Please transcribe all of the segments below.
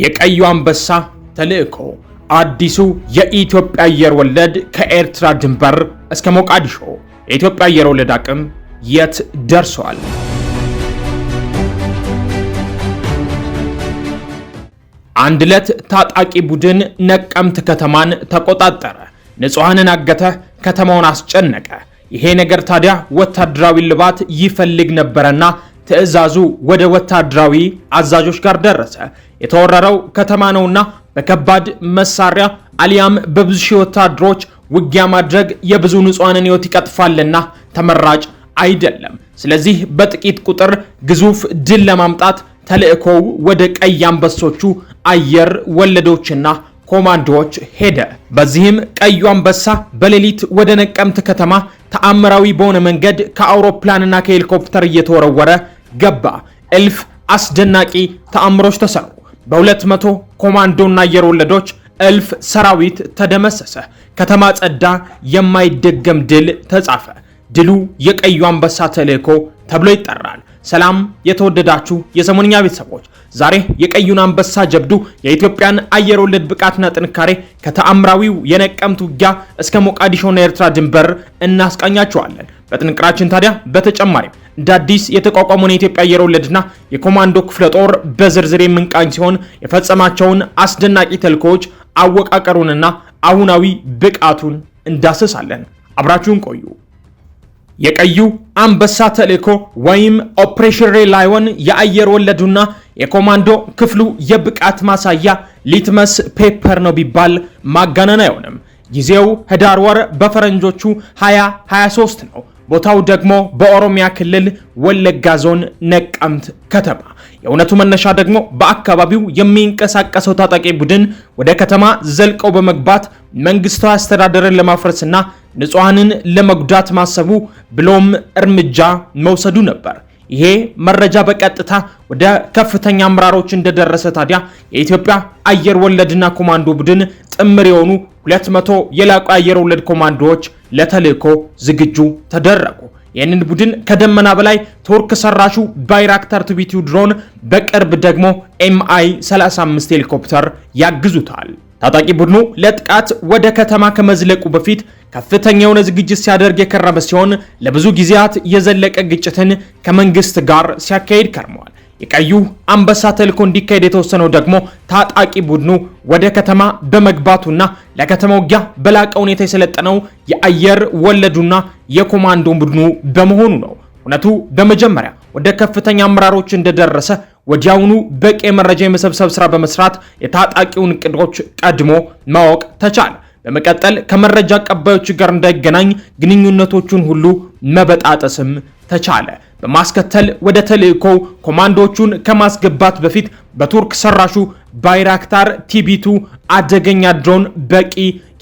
የቀዩ አንበሳ ተልዕኮ አዲሱ የኢትዮጵያ አየር ወለድ ከኤርትራ ድንበር እስከ ሞቃዲሾ የኢትዮጵያ አየር ወለድ አቅም የት ደርሷል? አንድ ዕለት ታጣቂ ቡድን ነቀምት ከተማን ተቆጣጠረ፣ ንጹሐንን አገተ፣ ከተማውን አስጨነቀ። ይሄ ነገር ታዲያ ወታደራዊ ልባት ይፈልግ ነበረና ትዕዛዙ ወደ ወታደራዊ አዛዦች ጋር ደረሰ። የተወረረው ከተማ ነውና በከባድ መሳሪያ አሊያም በብዙ ሺህ ወታደሮች ውጊያ ማድረግ የብዙ ንጹሐንን ሕይወት ይቀጥፋልና ተመራጭ አይደለም። ስለዚህ በጥቂት ቁጥር ግዙፍ ድል ለማምጣት ተልእኮው ወደ ቀይ አንበሶቹ አየር ወለዶችና ኮማንዶዎች ሄደ። በዚህም ቀዩ አንበሳ በሌሊት ወደ ነቀምት ከተማ ተአምራዊ በሆነ መንገድ ከአውሮፕላንና ከሄሊኮፕተር እየተወረወረ ገባ። እልፍ አስደናቂ ተአምሮች ተሰሩ። በሁለት መቶ ኮማንዶና አየር ወለዶች እልፍ ሰራዊት ተደመሰሰ። ከተማ ጸዳ። የማይደገም ድል ተጻፈ። ድሉ የቀዩ አንበሳ ተልእኮ ተብሎ ይጠራል። ሰላም የተወደዳችሁ የሰሞንኛ ቤተሰቦች፣ ዛሬ የቀዩን አንበሳ ጀብዱ የኢትዮጵያን አየር ወለድ ብቃትና ጥንካሬ ከተአምራዊው የነቀምት ውጊያ እስከ ሞቃዲሾና ኤርትራ ድንበር እናስቃኛችኋለን። በጥንቅራችን ታዲያ በተጨማሪም እንደ አዲስ የተቋቋመውን የኢትዮጵያ አየር ወለድና የኮማንዶ ክፍለ ጦር በዝርዝር የምንቃኝ ሲሆን የፈጸማቸውን አስደናቂ ተልእኮዎች አወቃቀሩንና አሁናዊ ብቃቱን እንዳስሳለን። አብራችሁን ቆዩ። የቀዩ አንበሳ ተልእኮ ወይም ኦፕሬሽን ሬ ላዮን የአየር ወለዱና የኮማንዶ ክፍሉ የብቃት ማሳያ ሊትመስ ፔፐር ነው ቢባል ማጋነን አይሆንም። ጊዜው ህዳር ወር በፈረንጆቹ 2023 ነው። ቦታው ደግሞ በኦሮሚያ ክልል ወለጋ ዞን ነቀምት ከተማ የእውነቱ መነሻ ደግሞ በአካባቢው የሚንቀሳቀሰው ታጣቂ ቡድን ወደ ከተማ ዘልቀው በመግባት መንግስታዊ አስተዳደርን ለማፍረስና ንጹሐንን ለመጉዳት ማሰቡ ብሎም እርምጃ መውሰዱ ነበር። ይሄ መረጃ በቀጥታ ወደ ከፍተኛ አመራሮች እንደደረሰ ታዲያ የኢትዮጵያ አየር ወለድና ኮማንዶ ቡድን ጥምር የሆኑ 200 የላቁ አየር ወለድ ኮማንዶዎች ለተልዕኮ ዝግጁ ተደረጉ። ይህንን ቡድን ከደመና በላይ ቱርክ ሰራሹ ባይራክታር ቱቢቲው ድሮን፣ በቅርብ ደግሞ ኤምአይ 35 ሄሊኮፕተር ያግዙታል። ታጣቂ ቡድኑ ለጥቃት ወደ ከተማ ከመዝለቁ በፊት ከፍተኛ የሆነ ዝግጅት ሲያደርግ የከረመ ሲሆን ለብዙ ጊዜያት የዘለቀ ግጭትን ከመንግስት ጋር ሲያካሂድ ከርመዋል። የቀዩ አንበሳ ተልዕኮ እንዲካሄድ የተወሰነው ደግሞ ታጣቂ ቡድኑ ወደ ከተማ በመግባቱና ለከተማ ውጊያ በላቀ ሁኔታ የሰለጠነው የአየር ወለዱና የኮማንዶን ቡድኑ በመሆኑ ነው። እውነቱ በመጀመሪያ ወደ ከፍተኛ አመራሮች እንደደረሰ ወዲያውኑ በቂ መረጃ የመሰብሰብ ስራ በመስራት የታጣቂውን ቅዶች ቀድሞ ማወቅ ተቻለ። በመቀጠል ከመረጃ አቀባዮች ጋር እንዳይገናኝ ግንኙነቶቹን ሁሉ መበጣጠስም ተቻለ። በማስከተል ወደ ተልእኮ ኮማንዶቹን ከማስገባት በፊት በቱርክ ሰራሹ ባይራክታር ቲቢቱ አደገኛ ድሮን በቂ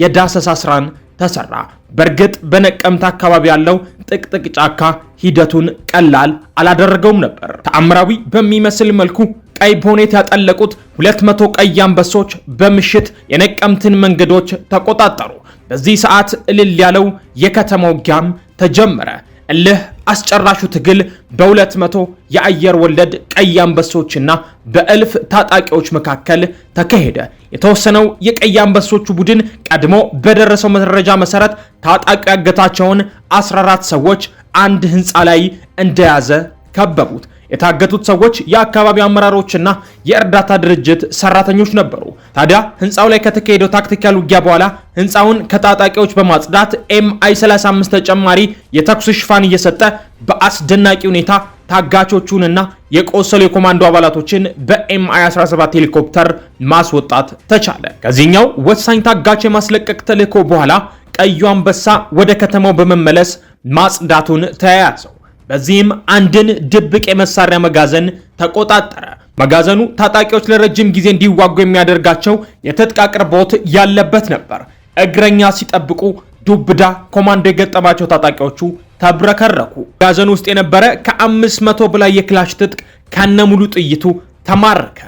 የዳሰሳ ስራን ተሰራ። በእርግጥ በነቀምት አካባቢ ያለው ጥቅጥቅ ጫካ ሂደቱን ቀላል አላደረገውም ነበር። ተአምራዊ በሚመስል መልኩ ቀይ ቦኔት ያጠለቁት 200 ቀይ አንበሶች በምሽት የነቀምትን መንገዶች ተቆጣጠሩ። በዚህ ሰዓት እልል ያለው የከተማ ውጊያም ተጀመረ። እልህ አስጨራሹ ትግል በሁለት መቶ የአየር ወለድ ቀይ አንበሶችና በእልፍ ታጣቂዎች መካከል ተካሄደ። የተወሰነው የቀይ አንበሶቹ ቡድን ቀድሞ በደረሰው መረጃ መሰረት ታጣቂ ያገታቸውን 14 ሰዎች አንድ ህንፃ ላይ እንደያዘ ከበቡት። የታገቱት ሰዎች የአካባቢው አመራሮችና የእርዳታ ድርጅት ሰራተኞች ነበሩ። ታዲያ ህንፃው ላይ ከተካሄደው ታክቲካል ውጊያ በኋላ ህንፃውን ከታጣቂዎች በማጽዳት ኤምአይ 35 ተጨማሪ የተኩስ ሽፋን እየሰጠ በአስደናቂ ሁኔታ ታጋቾቹንና የቆሰሉ የኮማንዶ አባላቶችን በኤምአይ 17 ሄሊኮፕተር ማስወጣት ተቻለ። ከዚህኛው ወሳኝ ታጋች የማስለቀቅ ተልዕኮ በኋላ ቀዩ አንበሳ ወደ ከተማው በመመለስ ማጽዳቱን ተያያዘው። በዚህም አንድን ድብቅ የመሳሪያ መጋዘን ተቆጣጠረ። መጋዘኑ ታጣቂዎች ለረጅም ጊዜ እንዲዋጉ የሚያደርጋቸው የትጥቅ አቅርቦት ያለበት ነበር። እግረኛ ሲጠብቁ ዱብዳ ኮማንዶ የገጠማቸው ታጣቂዎቹ ተብረከረኩ። መጋዘኑ ውስጥ የነበረ ከ500 በላይ የክላሽ ትጥቅ ከነሙሉ ጥይቱ ተማረከ።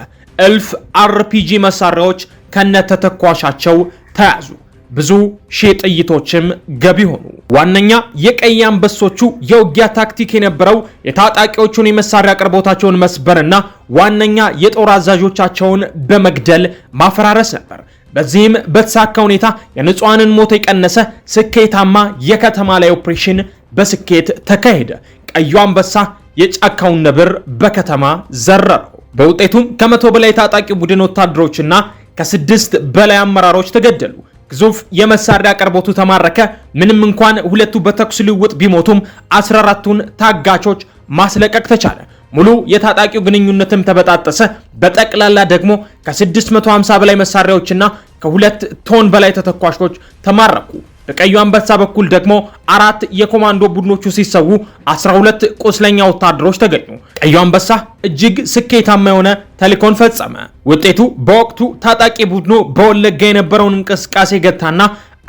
እልፍ አርፒጂ መሳሪያዎች ከነ ተተኳሻቸው ተያዙ። ብዙ ሺህ ጥይቶችም ገቢ ሆኑ። ዋነኛ የቀይ አንበሶቹ የውጊያ ታክቲክ የነበረው የታጣቂዎቹን የመሳሪያ አቅርቦታቸውን መስበርና ዋነኛ የጦር አዛዦቻቸውን በመግደል ማፈራረስ ነበር። በዚህም በተሳካ ሁኔታ የንጹሐንን ሞት የቀነሰ ስኬታማ የከተማ ላይ ኦፕሬሽን በስኬት ተካሄደ። ቀዩ አንበሳ የጫካውን ነብር በከተማ ዘረረው። በውጤቱም ከመቶ በላይ ታጣቂ ቡድን ወታደሮችና ከስድስት በላይ አመራሮች ተገደሉ። ግዙፍ የመሳሪያ አቅርቦቱ ተማረከ። ምንም እንኳን ሁለቱ በተኩስ ልውውጥ ቢሞቱም 14ቱን ታጋቾች ማስለቀቅ ተቻለ። ሙሉ የታጣቂው ግንኙነትም ተበጣጠሰ። በጠቅላላ ደግሞ ከ650 በላይ መሳሪያዎችና ከሁለት ቶን በላይ ተተኳሾች ተማረኩ። በቀዩ አንበሳ በኩል ደግሞ አራት የኮማንዶ ቡድኖቹ ሲሰዉ 12 ቁስለኛ ወታደሮች ተገኙ። ቀዩ አንበሳ እጅግ ስኬታማ የሆነ ተልእኮን ፈጸመ። ውጤቱ በወቅቱ ታጣቂ ቡድኑ በወለጋ የነበረውን እንቅስቃሴ ገታና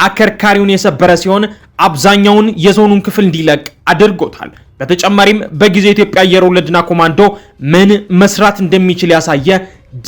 አከርካሪውን የሰበረ ሲሆን አብዛኛውን የዞኑን ክፍል እንዲለቅ አድርጎታል። በተጨማሪም በጊዜ ኢትዮጵያ አየር ወለድና ኮማንዶ ምን መስራት እንደሚችል ያሳየ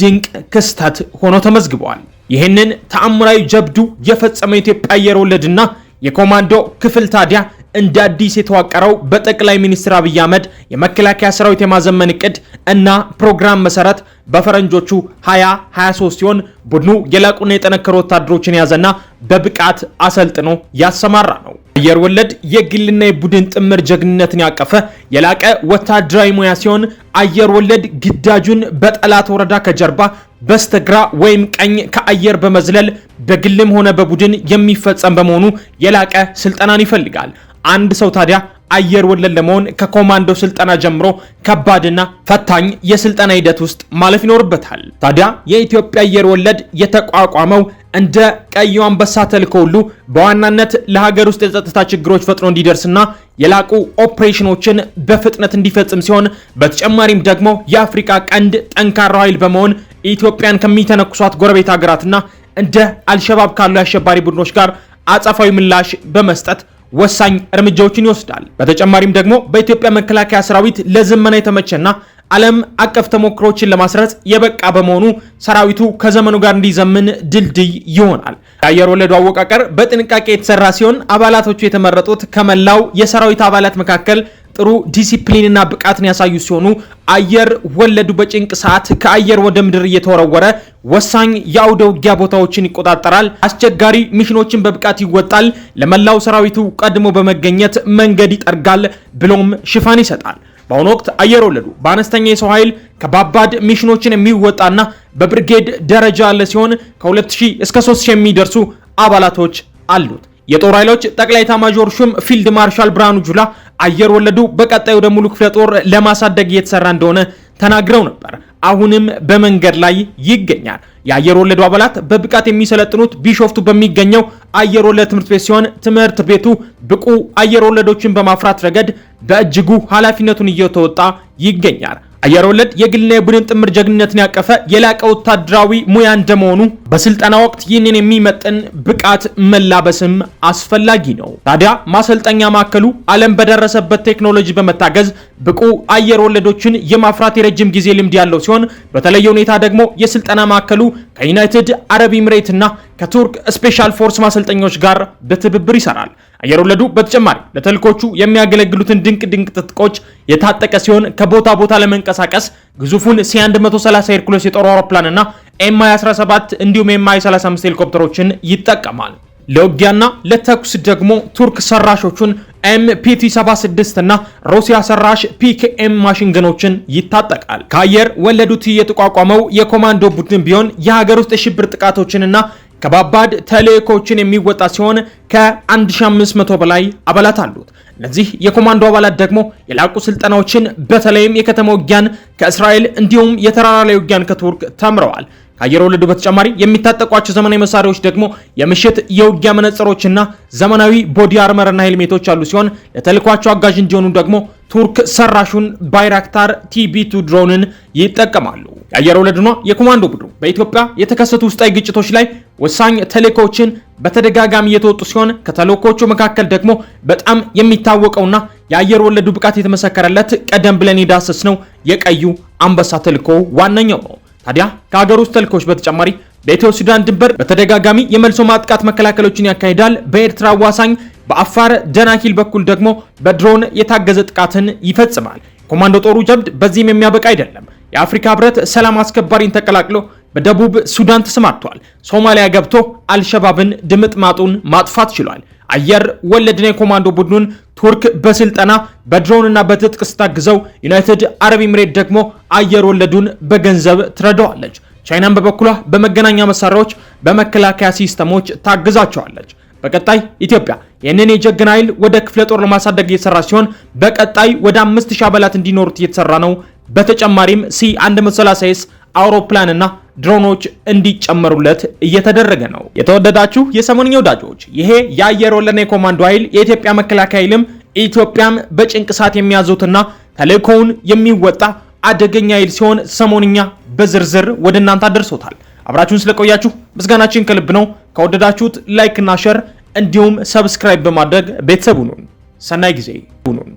ድንቅ ክስተት ሆኖ ተመዝግበዋል። ይህንን ተአምራዊ ጀብዱ የፈጸመው ኢትዮጵያ አየር ወለድና የኮማንዶ ክፍል ታዲያ እንደ አዲስ የተዋቀረው በጠቅላይ ሚኒስትር አብይ አህመድ የመከላከያ ሰራዊት የማዘመን እቅድ እና ፕሮግራም መሰረት በፈረንጆቹ 2023 ሲሆን ቡድኑ የላቁና የጠነከሩ ወታደሮችን የያዘና በብቃት አሰልጥኖ ያሰማራ ነው። አየር ወለድ የግልና የቡድን ጥምር ጀግንነትን ያቀፈ የላቀ ወታደራዊ ሙያ ሲሆን አየር ወለድ ግዳጁን በጠላት ወረዳ ከጀርባ በስተግራ ወይም ቀኝ ከአየር በመዝለል በግልም ሆነ በቡድን የሚፈጸም በመሆኑ የላቀ ስልጠናን ይፈልጋል። አንድ ሰው ታዲያ አየር ወለድ ለመሆን ከኮማንዶ ስልጠና ጀምሮ ከባድና ፈታኝ የስልጠና ሂደት ውስጥ ማለፍ ይኖርበታል። ታዲያ የኢትዮጵያ አየር ወለድ የተቋቋመው እንደ ቀዩ አንበሳ ተልዕኮ ሁሉ በዋናነት ለሀገር ውስጥ የጸጥታ ችግሮች ፈጥኖ እንዲደርስና የላቁ ኦፕሬሽኖችን በፍጥነት እንዲፈጽም ሲሆን በተጨማሪም ደግሞ የአፍሪካ ቀንድ ጠንካራ ኃይል በመሆን ኢትዮጵያን ከሚተነኩሷት ጎረቤት ሀገራትና እንደ አልሸባብ ካሉ የአሸባሪ ቡድኖች ጋር አጸፋዊ ምላሽ በመስጠት ወሳኝ እርምጃዎችን ይወስዳል። በተጨማሪም ደግሞ በኢትዮጵያ መከላከያ ሰራዊት ለዘመና የተመቸና ዓለም አቀፍ ተሞክሮችን ለማስረጽ የበቃ በመሆኑ ሰራዊቱ ከዘመኑ ጋር እንዲዘምን ድልድይ ይሆናል። የአየር ወለዱ አወቃቀር በጥንቃቄ የተሰራ ሲሆን አባላቶቹ የተመረጡት ከመላው የሰራዊት አባላት መካከል ጥሩ ዲሲፕሊንና ብቃትን ያሳዩ ሲሆኑ አየር ወለዱ በጭንቅ ሰዓት ከአየር ወደ ምድር እየተወረወረ ወሳኝ የአውደ ውጊያ ቦታዎችን ይቆጣጠራል። አስቸጋሪ ሚሽኖችን በብቃት ይወጣል። ለመላው ሰራዊቱ ቀድሞ በመገኘት መንገድ ይጠርጋል፣ ብሎም ሽፋን ይሰጣል። በአሁኑ ወቅት አየር ወለዱ በአነስተኛ የሰው ኃይል ከባባድ ሚሽኖችን የሚወጣና በብርጌድ ደረጃ ያለ ሲሆን ከ2000 እስከ 3000 የሚደርሱ አባላቶች አሉት። የጦር ኃይሎች ጠቅላይ ኤታማዦር ሹም ፊልድ ማርሻል ብርሃኑ ጁላ አየር ወለዱ በቀጣዩ ወደ ሙሉ ክፍለ ጦር ለማሳደግ እየተሰራ እንደሆነ ተናግረው ነበር። አሁንም በመንገድ ላይ ይገኛል። የአየር ወለዱ አባላት በብቃት የሚሰለጥኑት ቢሾፍቱ በሚገኘው አየር ወለድ ትምህርት ቤት ሲሆን ትምህርት ቤቱ ብቁ አየር ወለዶችን በማፍራት ረገድ በእጅጉ ኃላፊነቱን እየተወጣ ይገኛል። አየር ወለድ የግልና የቡድን ጥምር ጀግንነትን ያቀፈ የላቀ ወታደራዊ ሙያ እንደመሆኑ በስልጠና ወቅት ይህንን የሚመጥን ብቃት መላበስም አስፈላጊ ነው። ታዲያ ማሰልጠኛ ማዕከሉ ዓለም በደረሰበት ቴክኖሎጂ በመታገዝ ብቁ አየር ወለዶችን የማፍራት የረጅም ጊዜ ልምድ ያለው ሲሆን በተለየ ሁኔታ ደግሞ የስልጠና ማዕከሉ ከዩናይትድ አረብ ኤምሬትና ከቱርክ ስፔሻል ፎርስ ማሰልጠኞች ጋር በትብብር ይሰራል። አየር ወለዱ በተጨማሪ ለተልኮቹ የሚያገለግሉትን ድንቅ ድንቅ ትጥቆች የታጠቀ ሲሆን ከቦታ ቦታ ለመንቀሳቀስ ግዙፉን ሲ130 ሄርኩሌስ የጦር አውሮፕላንና ኤምአይ 17 እንዲሁም ኤምአይ 35 ሄሊኮፕተሮችን ይጠቀማል። ለውጊያና ለተኩስ ደግሞ ቱርክ ሰራሾቹን ኤምፒቲ 76 እና ሩሲያ ሰራሽ ፒኬኤም ማሽን ገኖችን ይታጠቃል። ከአየር ወለዱት የተቋቋመው የኮማንዶ ቡድን ቢሆን የሀገር ውስጥ የሽብር ጥቃቶችንና ከባባድ ተልእኮችን የሚወጣ ሲሆን ከ1500 በላይ አባላት አሉት። እነዚህ የኮማንዶ አባላት ደግሞ የላቁ ስልጠናዎችን በተለይም የከተማ ውጊያን ከእስራኤል እንዲሁም የተራራ ላይ ውጊያን ከቱርክ ተምረዋል። ከአየር ወለዱ በተጨማሪ የሚታጠቋቸው ዘመናዊ መሳሪያዎች ደግሞ የምሽት የውጊያ መነጽሮችና ዘመናዊ ቦዲ አርመርና ሄልሜቶች አሉ ሲሆን ለተልኳቸው አጋዥ እንዲሆኑ ደግሞ ቱርክ ሰራሹን ባይራክታር ቲቢ2 ድሮንን ይጠቀማሉ። የአየር ወለዱና የኮማንዶ ቡድኑ በኢትዮጵያ የተከሰቱ ውስጣዊ ግጭቶች ላይ ወሳኝ ተልእኮዎችን በተደጋጋሚ የተወጡ ሲሆን ከተልእኮቹ መካከል ደግሞ በጣም የሚታወቀውና የአየር ወለዱ ብቃት የተመሰከረለት ቀደም ብለን የዳሰስ ነው የቀዩ አንበሳ ተልእኮ ዋነኛው ነው። ታዲያ ከሀገር ውስጥ ተልእኮዎች በተጨማሪ በኢትዮ ሱዳን ድንበር በተደጋጋሚ የመልሶ ማጥቃት መከላከሎችን ያካሂዳል። በኤርትራ አዋሳኝ በአፋር ደናኪል በኩል ደግሞ በድሮን የታገዘ ጥቃትን ይፈጽማል። ኮማንዶ ጦሩ ጀብድ በዚህም የሚያበቃ አይደለም። የአፍሪካ ህብረት ሰላም አስከባሪን ተቀላቅሎ በደቡብ ሱዳን ተሰማርቷል። ሶማሊያ ገብቶ አልሸባብን ድምጥ ማጡን ማጥፋት ችሏል። አየር ወለድና የኮማንዶ ቡድኑን ቱርክ በስልጠና በድሮንና በትጥቅ ስታግዘው፣ ዩናይትድ አረብ ኤምሬት ደግሞ አየር ወለዱን በገንዘብ ትረዳዋለች። ቻይናም በበኩሏ በመገናኛ መሳሪያዎች፣ በመከላከያ ሲስተሞች ታግዛቸዋለች። በቀጣይ ኢትዮጵያ ይህንን የጀግና ኃይል ወደ ክፍለ ጦር ለማሳደግ እየተሰራ ሲሆን በቀጣይ ወደ 5000 አባላት እንዲኖሩት እየተሰራ ነው። በተጨማሪም ሲ 130 ኤስ አውሮፕላንና ድሮኖች እንዲጨመሩለት እየተደረገ ነው። የተወደዳችሁ የሰሞንኛ ወዳጆች፣ ይሄ የአየር ወለድ ኮማንዶ ኃይል የኢትዮጵያ መከላከያ ኃይልም ኢትዮጵያም በጭንቅ ሰዓት የሚያዙትና ተልእኮውን የሚወጣ አደገኛ ኃይል ሲሆን ሰሞንኛ በዝርዝር ወደ እናንተ አደርሶታል። አብራችሁን ስለቆያችሁ ምስጋናችን ከልብ ነው። ከወደዳችሁት ላይክ እና ሸር እንዲሁም ሰብስክራይብ በማድረግ ቤተሰብ ሁኑን። ሰናይ ጊዜ ሁኑን።